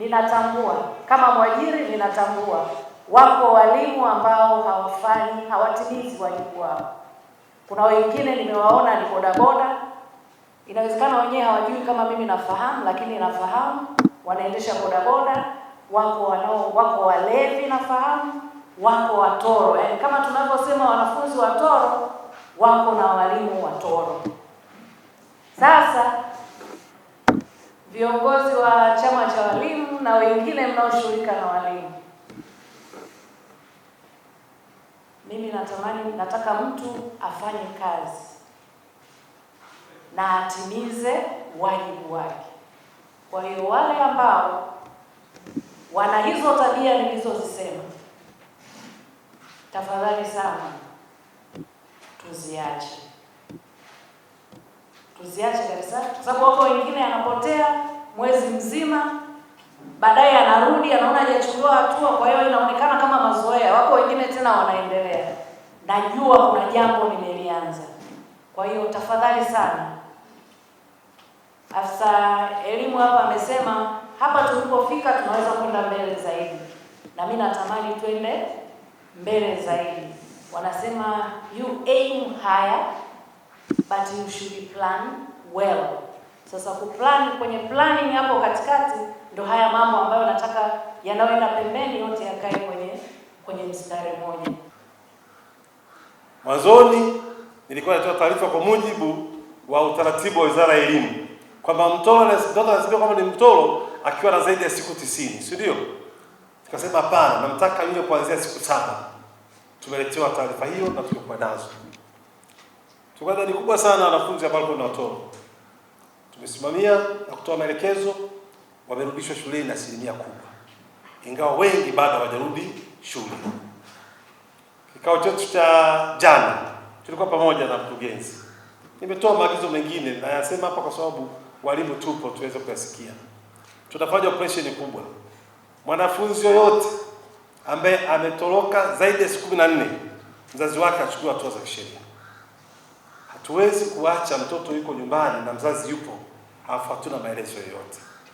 Ninatambua kama mwajiri, ninatambua wapo walimu ambao hawafanyi, hawatimizi wajibu wao. Kuna wengine nimewaona ni bodaboda, inawezekana wenyewe hawajui kama mimi nafahamu, lakini nafahamu wanaendesha bodaboda. Wako wanao, wako walevi nafahamu, wako watoro, yaani kama tunavyosema wanafunzi watoro, wako na walimu watoro. Sasa viongozi wa chama cha walimu na wengine mnaoshughulika na walimu, mimi natamani, nataka mtu afanye kazi na atimize wajibu wake. Kwa hiyo wale ambao wana hizo tabia nilizozisema, tafadhali sana tuziache, tuziache kabisa, kwa sababu wako wengine anapotea mwezi mzima, baadaye anarudi anaona hajachukua hatua, kwa hiyo inaonekana kama mazoea. Wako wengine tena wanaendelea, najua kuna jambo limelianza Kwa hiyo tafadhali sana, afisa elimu hapa amesema hapa tulipofika tunaweza kwenda mbele zaidi, na mimi natamani twende mbele zaidi. Wanasema you aim higher but you should plan well. Sasa kuplan kwenye planning hapo katikati ndo haya mambo ambayo nataka yanayoenda pembeni yote yakae kwenye kwenye mstari mmoja. Mwanzoni nilikuwa natoa taarifa kwa mujibu wa utaratibu wa Wizara ya Elimu kwamba mtoro mtoto anasema kwamba ni mtoro akiwa na zaidi ya siku tisini, si ndio? Tukasema hapana, namtaka yule kuanzia siku saba. Tumeletewa taarifa hiyo na tulikuwa nazo, tulikuwa idadi kubwa sana wanafunzi ambao walikuwa ni watoro tumesimamia na kutoa maelekezo, wamerudishwa shuleni na asilimia kubwa, ingawa wengi bado hawajarudi shule. Kikao chetu cha jana tulikuwa pamoja na mkurugenzi, nimetoa maagizo mengine nayasema hapa kwa sababu walimu tupo tuweze kuyasikia. Tunafanya operesheni kubwa, mwanafunzi yoyote ambaye ametoroka zaidi ya siku kumi na nne mzazi wake achukua hatua za kisheria. Hatuwezi kuacha mtoto yuko nyumbani na mzazi yupo, alafu hatuna maelezo yoyote.